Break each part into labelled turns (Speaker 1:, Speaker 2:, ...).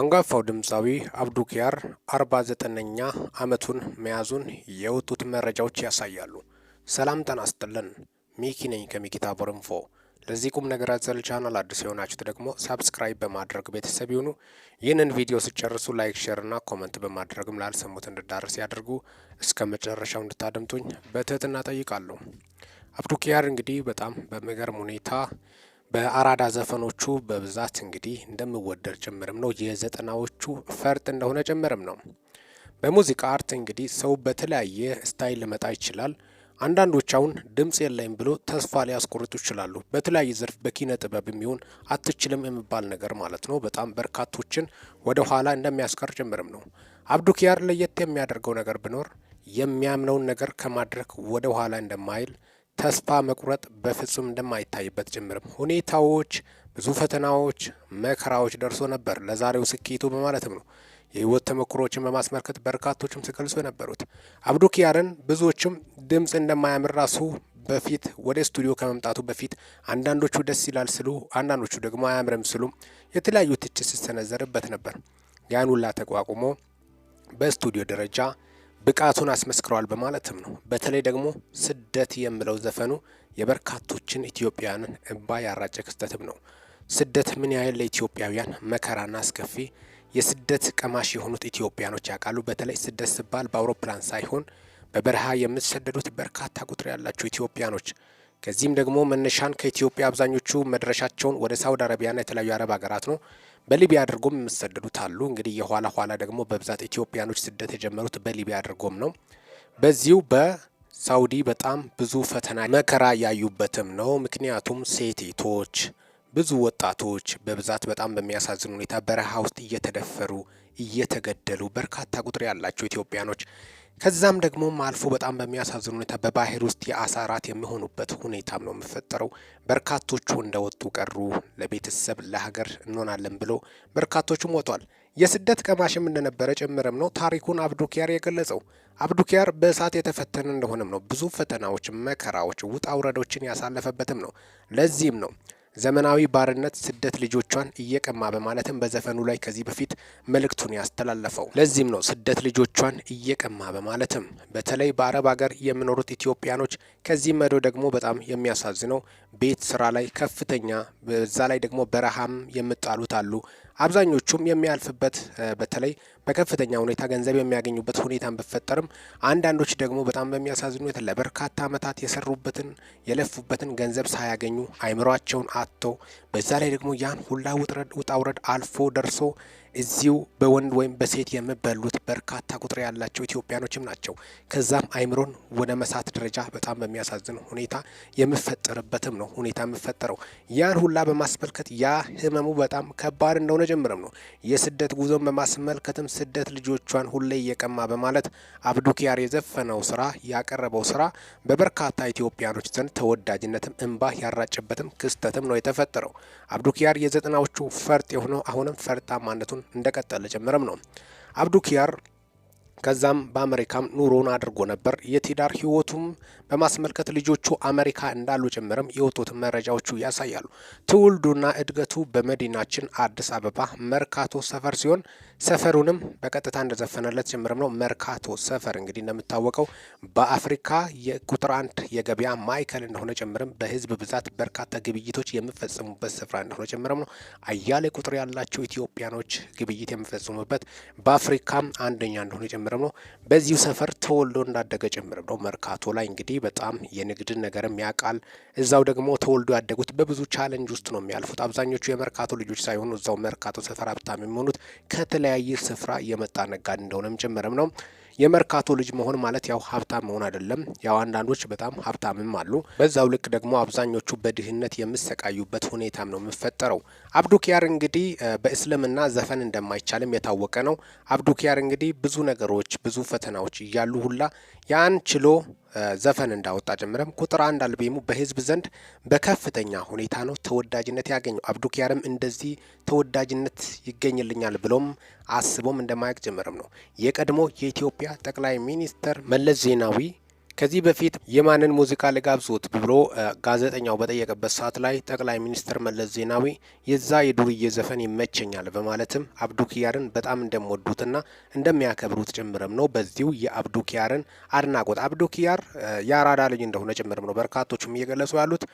Speaker 1: አንጋፋው ድምፃዊ አብዱ ኪያር 49ኛ ዓመቱን መያዙን የወጡት መረጃዎች ያሳያሉ። ሰላም ጤና ይስጥልን። ሚኪ ነኝ ከሚኪታ ቦርንፎ። ለዚህ ቁም ነገር አዘል ቻናል አዲስ የሆናችሁት ደግሞ ሳብስክራይብ በማድረግ ቤተሰብ ይሁኑ። ይህንን ቪዲዮ ሲጨርሱ ላይክ፣ ሼር እና ኮመንት በማድረግም ላልሰሙት እንድዳረስ ያድርጉ። እስከ መጨረሻው እንድታደምጡኝ በትህትና ጠይቃለሁ። አብዱ ኪያር እንግዲህ በጣም በሚገርም ሁኔታ በአራዳ ዘፈኖቹ በብዛት እንግዲህ እንደምወደድ ጭምርም ነው። የዘጠናዎቹ ፈርጥ እንደሆነ ጭምርም ነው። በሙዚቃ አርት እንግዲህ ሰው በተለያየ ስታይል ሊመጣ ይችላል። አንዳንዶች አሁን ድምፅ የለኝም ብሎ ተስፋ ሊያስቆርጡ ይችላሉ። በተለያየ ዘርፍ በኪነ ጥበብ የሚሆን አትችልም የሚባል ነገር ማለት ነው። በጣም በርካቶችን ወደ ኋላ እንደሚያስቀር ጭምርም ነው። አብዱኪያር ለየት የሚያደርገው ነገር ቢኖር የሚያምነውን ነገር ከማድረግ ወደ ኋላ እንደማይል ተስፋ መቁረጥ በፍጹም እንደማይታይበት ጭምርም ሁኔታዎች፣ ብዙ ፈተናዎች፣ መከራዎች ደርሶ ነበር ለዛሬው ስኬቱ በማለትም ነው የህይወት ተሞክሮዎችን በማስመልከት በርካቶችም ሲገልጹ የነበሩት አብዱ ኪያርን ብዙዎችም ድምፅ እንደማያምር ራሱ በፊት ወደ ስቱዲዮ ከመምጣቱ በፊት አንዳንዶቹ ደስ ይላል ስሉ፣ አንዳንዶቹ ደግሞ አያምርም ስሉ የተለያዩ ትችት ሲሰነዘርበት ነበር። ያን ሁላ ተቋቁሞ በስቱዲዮ ደረጃ ብቃቱን አስመስክረዋል በማለትም ነው። በተለይ ደግሞ ስደት የሚለው ዘፈኑ የበርካቶችን ኢትዮጵያውያንን እንባ ያራጨ ክስተትም ነው። ስደት ምን ያህል ለኢትዮጵያውያን መከራና አስከፊ የስደት ቀማሽ የሆኑት ኢትዮጵያኖች ያውቃሉ። በተለይ ስደት ሲባል በአውሮፕላን ሳይሆን በበረሃ የምትሰደዱት በርካታ ቁጥር ያላቸው ኢትዮጵያኖች ከዚህም ደግሞ መነሻን ከኢትዮጵያ አብዛኞቹ መድረሻቸውን ወደ ሳውዲ አረቢያና የተለያዩ አረብ ሀገራት ነው። በሊቢያ አድርጎም የሚሰደዱት አሉ። እንግዲህ የኋላ ኋላ ደግሞ በብዛት ኢትዮጵያኖች ስደት የጀመሩት በሊቢያ አድርጎም ነው። በዚሁ በሳውዲ በጣም ብዙ ፈተና መከራ ያዩበትም ነው። ምክንያቱም ሴቴቶች ብዙ ወጣቶች በብዛት በጣም በሚያሳዝን ሁኔታ በረሃ ውስጥ እየተደፈሩ እየተገደሉ በርካታ ቁጥር ያላቸው ኢትዮጵያኖች ከዛም ደግሞ አልፎ በጣም በሚያሳዝን ሁኔታ በባህር ውስጥ የአሳ ራት የሚሆኑበት ሁኔታም ነው የሚፈጠረው። በርካቶቹ እንደወጡ ቀሩ። ለቤተሰብ ለሀገር እንሆናለን ብሎ በርካቶቹም ወጧል። የስደት ቀማሽም እንደነበረ ጭምርም ነው ታሪኩን አብዱኪያር የገለጸው። አብዱኪያር በእሳት የተፈተነ እንደሆነም ነው ብዙ ፈተናዎች፣ መከራዎች፣ ውጣ ውረዶችን ያሳለፈበትም ነው። ለዚህም ነው ዘመናዊ ባርነት ስደት ልጆቿን እየቀማ በማለትም በዘፈኑ ላይ ከዚህ በፊት መልእክቱን ያስተላለፈው። ለዚህም ነው ስደት ልጆቿን እየቀማ በማለትም በተለይ በአረብ ሀገር የምኖሩት ኢትዮጵያኖች ከዚህ መዶ ደግሞ በጣም የሚያሳዝነው ቤት ስራ ላይ ከፍተኛ በዛ ላይ ደግሞ በረሃም የምጣሉት አሉ። አብዛኞቹም የሚያልፍበት በተለይ በከፍተኛ ሁኔታ ገንዘብ የሚያገኙበት ሁኔታን ቢፈጠርም አንዳንዶች ደግሞ በጣም በሚያሳዝን ሁኔታ ለበርካታ ዓመታት የሰሩበትን የለፉበትን ገንዘብ ሳያገኙ አይምሯቸውን አጥተው በዛ ላይ ደግሞ ያን ሁላ ውጣውረድ አልፎ ደርሶ እዚሁ በወንድ ወይም በሴት የሚበሉት በርካታ ቁጥር ያላቸው ኢትዮጵያኖችም ናቸው። ከዛም አይምሮን ወደ መሳት ደረጃ በጣም በሚያሳዝን ሁኔታ የሚፈጠርበትም ነው ሁኔታ የሚፈጠረው። ያን ሁላ በማስመልከት ያ ህመሙ በጣም ከባድ እንደሆነ ጀምርም ነው። የስደት ጉዞን በማስመልከትም ስደት ልጆቿን ሁሌ እየቀማ በማለት አብዱኪያር የዘፈነው ስራ ያቀረበው ስራ በበርካታ ኢትዮጵያኖች ዘንድ ተወዳጅነትም እንባ ያራጨበትም ክስተትም ነው የተፈጠረው። አብዱኪያር የዘጠናዎቹ ፈርጥ የሆነው አሁንም ፈርጣማነቱን መግፋቱን እንደቀጠለ ጀመረም ነው አብዱ ኪያር ከዛም በአሜሪካም ኑሮውን አድርጎ ነበር። የትዳር ህይወቱም በማስመልከት ልጆቹ አሜሪካ እንዳሉ ጭምርም የወጡት መረጃዎቹ ያሳያሉ። ትውልዱና እድገቱ በመዲናችን አዲስ አበባ መርካቶ ሰፈር ሲሆን ሰፈሩንም በቀጥታ እንደዘፈነለት ጭምርም ነው። መርካቶ ሰፈር እንግዲህ እንደምታወቀው በአፍሪካ የቁጥር አንድ የገበያ ማዕከል እንደሆነ ጭምርም በህዝብ ብዛት በርካታ ግብይቶች የሚፈጸሙበት ስፍራ እንደሆነ ጭምርም ነው። አያሌ ቁጥር ያላቸው ኢትዮጵያኖች ግብይት የሚፈጽሙበት በአፍሪካም አንደኛ እንደሆነ ጭምር ጭምርም ነው። በዚሁ ሰፈር ተወልዶ እንዳደገ ጭምርም ነው። መርካቶ ላይ እንግዲህ በጣም የንግድን ነገርም ያውቃል። እዛው ደግሞ ተወልዶ ያደጉት በብዙ ቻለንጅ ውስጥ ነው የሚያልፉት። አብዛኞቹ የመርካቶ ልጆች ሳይሆኑ እዛው መርካቶ ሰፈር ሀብታም የሚሆኑት ከተለያየ ስፍራ የመጣ ነጋዴ እንደሆነም ጭምርም ነው። የመርካቶ ልጅ መሆን ማለት ያው ሀብታም መሆን አይደለም። ያው አንዳንዶች በጣም ሀብታምም አሉ። በዛው ልክ ደግሞ አብዛኞቹ በድህነት የምሰቃዩበት ሁኔታም ነው የምፈጠረው። አብዱኪያር እንግዲህ በእስልምና ዘፈን እንደማይቻልም የታወቀ ነው። አብዱኪያር እንግዲህ ብዙ ነገሮች ብዙ ፈተናዎች እያሉ ሁላ ያን ችሎ ዘፈን እንዳወጣ ጀምረም ቁጥር አንድ አልቤሙ በህዝብ ዘንድ በከፍተኛ ሁኔታ ነው ተወዳጅነት ያገኘው። አብዱኪያርም እንደዚህ ተወዳጅነት ይገኝልኛል ብሎም አስቦም እንደማያውቅ ጀምረም ነው የቀድሞ የኢትዮጵያ ጠቅላይ ሚኒስተር መለስ ዜናዊ ከዚህ በፊት የማንን ሙዚቃ ልጋብዞት ብሎ ጋዜጠኛው በጠየቀበት ሰዓት ላይ ጠቅላይ ሚኒስትር መለስ ዜናዊ የዛ የዱርዬ ዘፈን ይመቸኛል በማለትም አብዱኪያርን በጣም እንደሚወዱትና እንደሚያከብሩት ጭምርም ነው። በዚሁ የአብዱኪያርን አድናቆት አብዱኪያር የአራዳ ልጅ እንደሆነ ጭምርም ነው በርካቶቹም እየገለጹ ያሉት።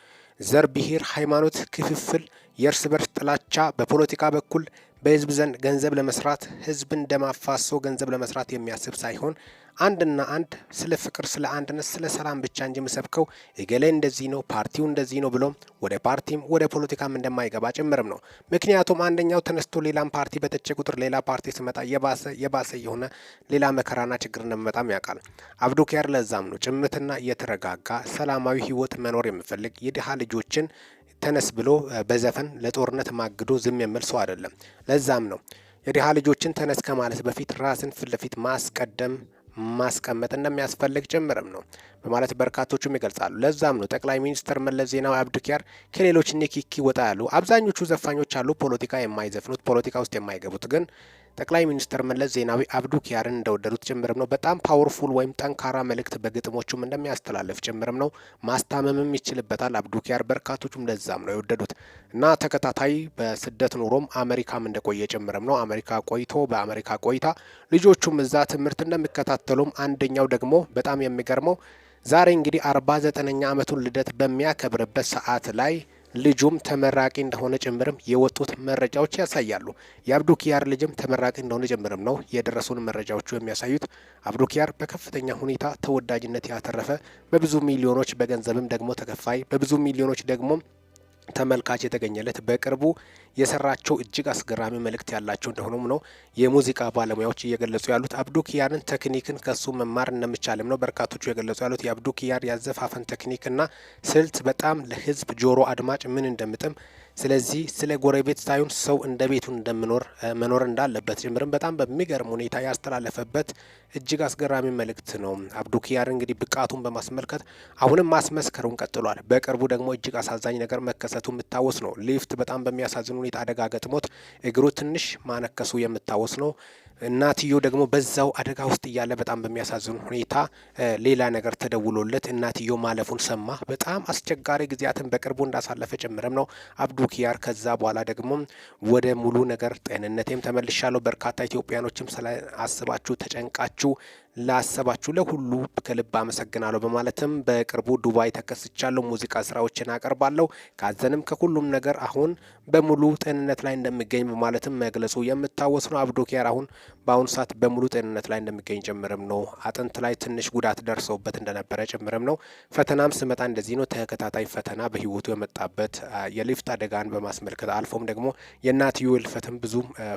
Speaker 1: ዘር፣ ብሔር፣ ሃይማኖት ክፍፍል የእርስ በርስ ጥላቻ በፖለቲካ በኩል በህዝብ ዘንድ ገንዘብ ለመስራት ህዝብን ደማፋሶ ገንዘብ ለመስራት የሚያስብ ሳይሆን አንድና አንድ ስለ ፍቅር፣ ስለ አንድነት፣ ስለ ሰላም ብቻ እንጂ የምሰብከው እገሌ እንደዚህ ነው ፓርቲው እንደዚህ ነው ብሎ ወደ ፓርቲም ወደ ፖለቲካም እንደማይገባ ጭምርም ነው። ምክንያቱም አንደኛው ተነስቶ ሌላም ፓርቲ በተቸ ቁጥር ሌላ ፓርቲ ስመጣ የባሰ የባሰ የሆነ ሌላ መከራና ችግር እንደሚመጣም ያውቃል። አብዱኪያር ለዛም ነው ጭምትና የተረጋጋ ሰላማዊ ህይወት መኖር የሚፈልግ የድሃ ልጆችን ተነስ ብሎ በዘፈን ለጦርነት ማግዶ ዝም የሚል ሰው አይደለም። ለዛም ነው የድሃ ልጆችን ተነስ ከማለት በፊት ራስን ፊት ለፊት ማስቀደም ማስቀመጥ እንደሚያስፈልግ ጭምርም ነው በማለት በርካቶቹም ይገልጻሉ። ለዛም ነው ጠቅላይ ሚኒስትር መለስ ዜናዊ አብዱኪያር ከሌሎች ኒኪኪ ወጣ ያሉ አብዛኞቹ ዘፋኞች አሉ ፖለቲካ የማይዘፍኑት ፖለቲካ ውስጥ የማይገቡት ግን ጠቅላይ ሚኒስትር መለስ ዜናዊ አብዱ ኪያርን እንደወደዱት ጭምርም ነው። በጣም ፓወርፉል ወይም ጠንካራ መልእክት በግጥሞቹም እንደሚያስተላልፍ ጭምርም ነው። ማስታመምም ይችልበታል አብዱ ኪያር። በርካቶቹም ለዛም ነው የወደዱት እና ተከታታይ በስደት ኑሮም አሜሪካም እንደቆየ ጭምርም ነው። አሜሪካ ቆይቶ በአሜሪካ ቆይታ ልጆቹም እዛ ትምህርት እንደሚከታተሉም አንደኛው ደግሞ በጣም የሚገርመው ዛሬ እንግዲህ አርባ ዘጠነኛ ዓመቱን ልደት በሚያከብርበት ሰዓት ላይ ልጁም ተመራቂ እንደሆነ ጭምርም የወጡት መረጃዎች ያሳያሉ። የአብዱኪያር ልጅም ተመራቂ እንደሆነ ጭምርም ነው የደረሱን መረጃዎቹ የሚያሳዩት። አብዱኪያር በከፍተኛ ሁኔታ ተወዳጅነት ያተረፈ በብዙ ሚሊዮኖች በገንዘብም ደግሞ ተከፋይ በብዙ ሚሊዮኖች ደግሞ ተመልካች የተገኘለት በቅርቡ የሰራቸው እጅግ አስገራሚ መልእክት ያላቸው እንደሆኑም ነው የሙዚቃ ባለሙያዎች እየገለጹ ያሉት። አብዱ ኪያርን ቴክኒክን ከሱ መማር እንደምቻልም ነው በርካቶቹ የገለጹ ያሉት። የአብዱ ኪያር ያዘፋፈን ቴክኒክና ስልት በጣም ለህዝብ ጆሮ አድማጭ ምን እንደምጥም ስለዚህ ስለ ጎረቤት ሳይሆን ሰው እንደ ቤቱ እንደምኖር መኖር እንዳለበት ጭምርም በጣም በሚገርም ሁኔታ ያስተላለፈበት እጅግ አስገራሚ መልእክት ነው። አብዱ ኪያር እንግዲህ ብቃቱን በማስመልከት አሁንም ማስመስከሩን ቀጥሏል። በቅርቡ ደግሞ እጅግ አሳዛኝ ነገር መከሰቱ የምታወስ ነው። ሊፍት በጣም በሚያሳዝኑ ሁኔታ አደጋ ገጥሞት እግሩ ትንሽ ማነከሱ የምታወስ ነው። እናትዮ ደግሞ በዛው አደጋ ውስጥ እያለ በጣም በሚያሳዝን ሁኔታ ሌላ ነገር ተደውሎለት እናትዮ ማለፉን ሰማ። በጣም አስቸጋሪ ጊዜያትን በቅርቡ እንዳሳለፈ ጭምርም ነው አብዱ ኪያር። ከዛ በኋላ ደግሞ ወደ ሙሉ ነገር ጤንነቴም ተመልሻለሁ። በርካታ ኢትዮጵያኖችም ስለ አስባችሁ ተጨንቃችሁ ላሰባችሁ ለሁሉ ከልብ አመሰግናለሁ በማለትም በቅርቡ ዱባይ ተከስቻለሁ፣ ሙዚቃ ስራዎችን አቀርባለሁ፣ ካዘንም ከሁሉም ነገር አሁን በሙሉ ጤንነት ላይ እንደሚገኝ በማለትም መግለጹ የምታወስ ነው። አብዶኪያር ኪያር አሁን በአሁኑ ሰዓት በሙሉ ጤንነት ላይ እንደሚገኝ ጭምርም ነው። አጥንት ላይ ትንሽ ጉዳት ደርሰውበት እንደነበረ ጭምርም ነው። ፈተናም ስመጣ እንደዚህ ነው። ተከታታይ ፈተና በህይወቱ የመጣበት የሊፍት አደጋን በማስመልከት አልፎም ደግሞ ዩ ህልፈትም ብዙ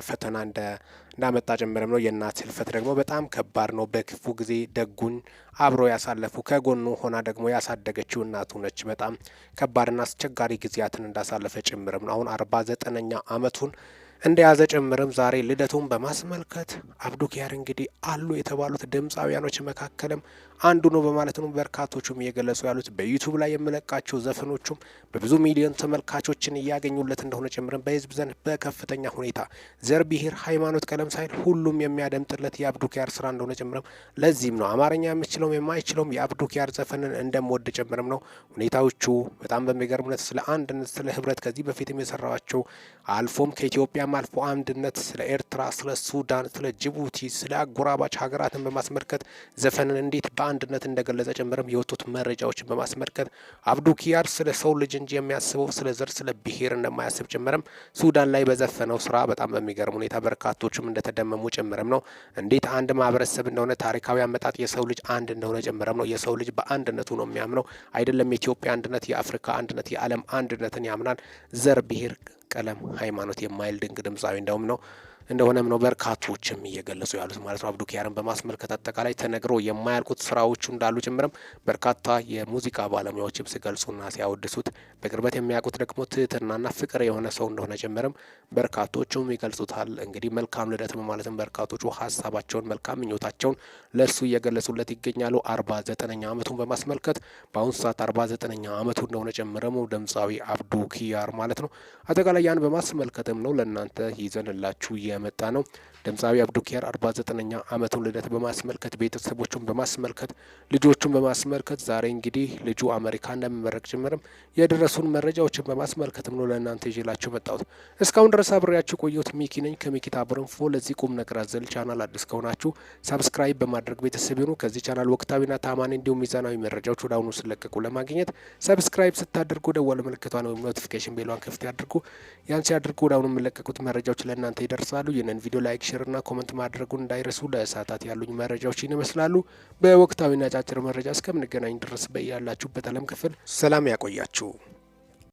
Speaker 1: ፈተና እንዳመጣ ጭምርም ነው። የእናት ህልፈት ደግሞ በጣም ከባድ ነው። በክፉ ጊዜ ደጉን አብሮ ያሳለፉ ከጎኑ ሆና ደግሞ ያሳደገችው እናቱ ነች። በጣም ከባድና አስቸጋሪ ጊዜያትን እንዳሳለፈ ጭምርም ነው። አሁን አርባ ዘጠነኛ አመቱን እንደያዘ ጭምርም ዛሬ ልደቱን በማስመልከት አብዱኪያር እንግዲህ አሉ የተባሉት ድምፃውያኖች መካከልም አንዱ ነው በማለት ነው በርካቶቹም እየገለጹ ያሉት። በዩቱብ ላይ የምለቃቸው ዘፈኖቹም በብዙ ሚሊዮን ተመልካቾችን እያገኙለት እንደሆነ ጭምርም በህዝብ ዘንድ በከፍተኛ ሁኔታ ዘር፣ ብሄር ሃይማኖት፣ ቀለም ሳይል ሁሉም የሚያደምጥለት የአብዱኪያር ስራ እንደሆነ ጭምርም ለዚህም ነው አማርኛ የምችለውም የማይችለውም የአብዱኪያር ዘፈንን እንደምወድ ጭምርም ነው። ሁኔታዎቹ በጣም በሚገርም ስለ አንድነት፣ ስለ ህብረት ከዚህ በፊትም የሰራቸው አልፎም ከኢትዮጵያም አልፎ አንድነት ስለ ኤርትራ፣ ስለ ሱዳን፣ ስለ ጅቡቲ፣ ስለ አጎራባች ሀገራትን በማስመልከት ዘፈንን እንዴት በ አንድነት እንደገለጸ ጭምርም የወጡት መረጃዎችን በማስመልከት አብዱ ኪያር ስለ ሰው ልጅ እንጂ የሚያስበው ስለ ዘር፣ ስለ ብሄር እንደማያስብ ጭምርም ሱዳን ላይ በዘፈነው ስራ በጣም በሚገርም ሁኔታ በርካቶችም እንደተደመሙ ጭምርም ነው። እንዴት አንድ ማህበረሰብ እንደሆነ ታሪካዊ አመጣጥ የሰው ልጅ አንድ እንደሆነ ጭምርም ነው። የሰው ልጅ በአንድነቱ ነው የሚያምነው። አይደለም የኢትዮጵያ አንድነት፣ የአፍሪካ አንድነት፣ የዓለም አንድነትን ያምናል። ዘር፣ ብሄር፣ ቀለም፣ ሃይማኖት የማይል ድንቅ ድምፃዊ እንደውም ነው። እንደሆነም ነው በርካቶችም እየገለጹ ያሉት ማለት ነው። አብዱኪያርን በማስመልከት አጠቃላይ ተነግሮ የማያልቁት ስራዎቹ እንዳሉ ጭምርም በርካታ የሙዚቃ ባለሙያዎችም ሲገልጹና ሲያወድሱት በቅርበት የሚያውቁት ደግሞ ትህትናና ፍቅር የሆነ ሰው እንደሆነ ጭምርም በርካቶቹም ይገልጹታል። እንግዲህ መልካም ልደትም ማለትም በርካቶቹ ሀሳባቸውን መልካም ምኞታቸውን ለእሱ እየገለጹለት ይገኛሉ። አርባ ዘጠነኛ አመቱን በማስመልከት በአሁኑ ሰዓት አርባ ዘጠነኛ አመቱ እንደሆነ ጭምርም ድምፃዊ አብዱ ኪያር ማለት ነው። አጠቃላይ ያን በማስመልከትም ነው ለእናንተ ይዘንላችሁ የ ያመጣ ነው። ድምፃዊ አብዱኪያር 49 ዘጠነኛ ዓመቱን ልደት በማስመልከት ቤተሰቦቹን በማስመልከት ልጆቹን በማስመልከት ዛሬ እንግዲህ ልጁ አሜሪካ እንደሚመረቅ ጭምርም የደረሱን መረጃዎችን በማስመልከትም ነው ለእናንተ ይዤላችሁ መጣሁት። እስካሁን ድረስ አብሬያችሁ ቆየሁት። ሚኪ ነኝ ከሚኪታ ብርንፎ። ለዚህ ቁም ነገር አዘል ቻናል አዲስ ከሆናችሁ ሳብስክራይብ በማድረግ ቤተሰብ ይሁኑ። ከዚህ ቻናል ወቅታዊና ታማኒ እንዲሁም ሚዛናዊ መረጃዎች ወደ አሁኑ ስለቀቁ ለማግኘት ሰብስክራይብ ስታደርጉ ደወል ምልክቷን ወይም ኖቲፊኬሽን ቤሏን ክፍት ያድርጉ። ያንቺ ያድርጉ። ወደ አሁኑ የሚለቀቁት መረጃዎች ለእናንተ ይደርሳሉ። ይህንን ቪዲዮ ላይክ ሼርና ኮመንት ማድረጉን እንዳይረሱ። ለሰዓታት ያሉኝ መረጃዎችን ይመስላሉ። በወቅታዊና አጫጭር መረጃ እስከምንገናኝ ድረስ በያላችሁበት ዓለም ክፍል ሰላም ያቆያችሁ።